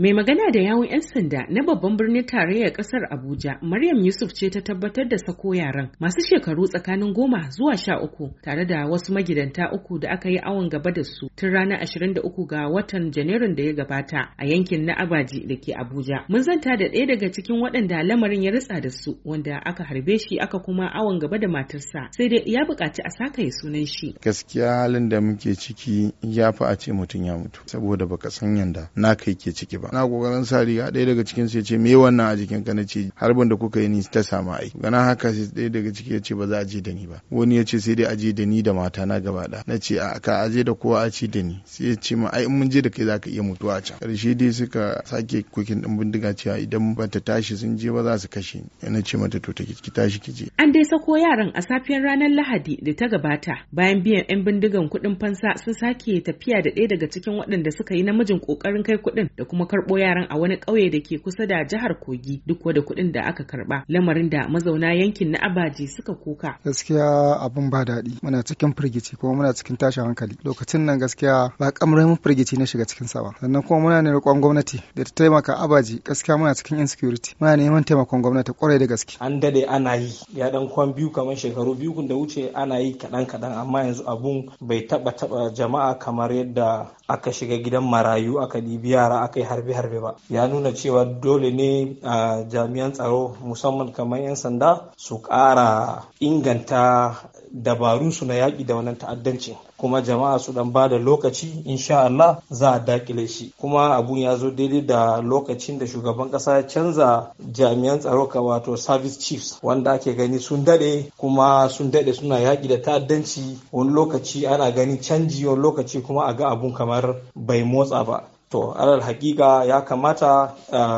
Mai magana da yawun 'yan sanda na babban birnin tarayyar ƙasar Abuja, Maryam Yusuf ce ta tabbatar da sako yaran masu shekaru tsakanin goma zuwa sha uku tare da wasu magidanta uku da aka yi awon gaba da su tun ranar 23 ga watan Janairun da ya gabata a yankin na Abaji da ke Abuja. Mun zanta da ɗaya daga cikin waɗanda lamarin ya ritsa da su wanda aka harbe shi aka kuma awon gaba da matarsa sai dai ya buƙaci a saka ya sunan shi. Gaskiya halin da muke ciki ya fi a ce mutum ya mutu saboda baka san yanda kai ke ciki ba. na kokarin sa riga ɗaya daga cikin su ya ce me wannan a jikin ka na ce harbin da kuka yi ni ta samu ai gana haka sai ɗaya daga ciki ya ce ba za a je da ni ba wani ya ce sai dai a je da ni da mata na gaba ɗaya na ce a ka a je da kowa a ci da ni sai ya ce ma ai in mun je da kai za ka iya mutuwa a can ƙarshe dai suka sake kukin ɗin bindiga cewa idan ba ta tashi sun je ba za su kashe ni na ce mata to ta ki tashi ki je. An dai sako yaran a safiyar ranar Lahadi da ta gabata bayan biyan 'yan bindigan kuɗin fansa sun sake tafiya da ɗaya daga cikin waɗanda suka yi namijin ƙoƙarin kai kuɗin da kuma kar karɓo yaran a wani ƙauye da ke kusa da jihar Kogi duk da kuɗin da aka karɓa lamarin da mazauna yankin na Abaji suka kuka. Gaskiya abin ba daɗi muna cikin firgici kuma muna cikin tashin hankali lokacin nan gaskiya ba kamar mun firgici na shiga cikin sa sannan kuma muna ne roƙon gwamnati da ta taimaka Abaji gaskiya muna cikin insecurity muna neman taimakon gwamnati kwarai da gaske. An dade ana yi ya dan kwan biyu kamar shekaru biyu kun da wuce ana yi kaɗan kaɗan amma yanzu abun bai taɓa taɓa jama'a kamar yadda aka shiga gidan marayu aka ɗibi yara aka harbe-harbe ba ya nuna cewa dole ne a jami'an tsaro musamman kamar 'yan sanda su ƙara inganta dabarun su na yaƙi da wannan ta'addanci kuma jama'a su dan ba da lokaci insha Allah za a dakile shi kuma abun ya zo daidai da lokacin da shugaban kasa ya canza jami'an tsaro ka wato service chiefs wanda ake gani sun dade kuma sun dade suna yaƙi da ta'addanci wani lokaci ana gani canji wani lokaci kuma a ga abun kamar bai motsa ba to alal hakika ya kamata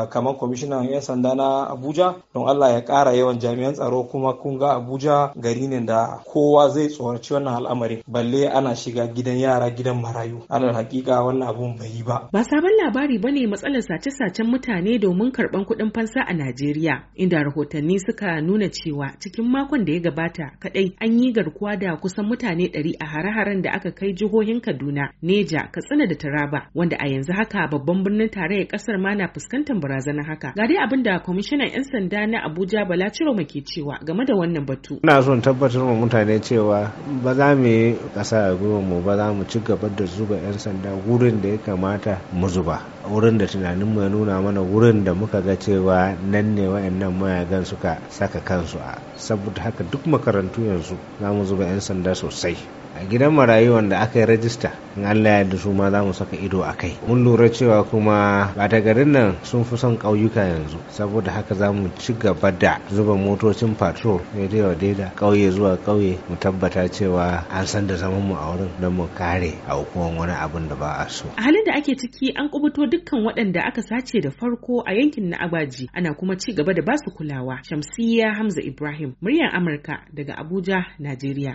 kamar kwamishinan 'yan sanda na abuja don allah ya kara yawan jami'an tsaro kuma kun ga abuja gari ne da kowa zai tsoraci wannan al'amari balle ana shiga gidan yara gidan marayu alal hakika wannan abun bai yi ba ba sabon labari ba ne matsalar sace-sacen mutane domin karban kuɗin fansa a najeriya inda rahotanni suka nuna cewa cikin makon da ya gabata kaɗai, an yi garkuwa da kusan mutane ɗari a hare-haren da aka kai jihohin kaduna neja katsina da taraba wanda a yanzu haka babban birnin tarayyar kasar ma na fuskantar barazanar haka. Ga dai abin da kwamishinan 'yan sanda na Abuja Bala ma ke cewa game da wannan batu. Ina son tabbatar wa mutane cewa ba za mu yi kasa a gwiwa mu ba za mu ci gaba da zuba 'yan sanda wurin da ya kamata mu zuba. Wurin da tunanin mu ya nuna mana wurin da muka ga cewa nan ne wayannan mayagan suka saka kansu a. Saboda haka duk makarantu yanzu za mu zuba 'yan sanda sosai. a gidan marayu wanda aka yi rajista in allah ya da su ma za mu saka ido a kai mun lura cewa kuma ba ta garin nan sun fi son ƙauyuka yanzu saboda haka za mu ci gaba da zuba motocin patrol da yawa daida ƙauye zuwa ƙauye mu tabbata cewa an san da zaman mu a wurin don mu kare a aukuwan wani abun da ba a so a halin da ake ciki an kubuto dukkan waɗanda aka sace da farko a yankin na abaji ana kuma ci gaba da basu kulawa Shamsiyya hamza ibrahim muryar amurka daga abuja najeriya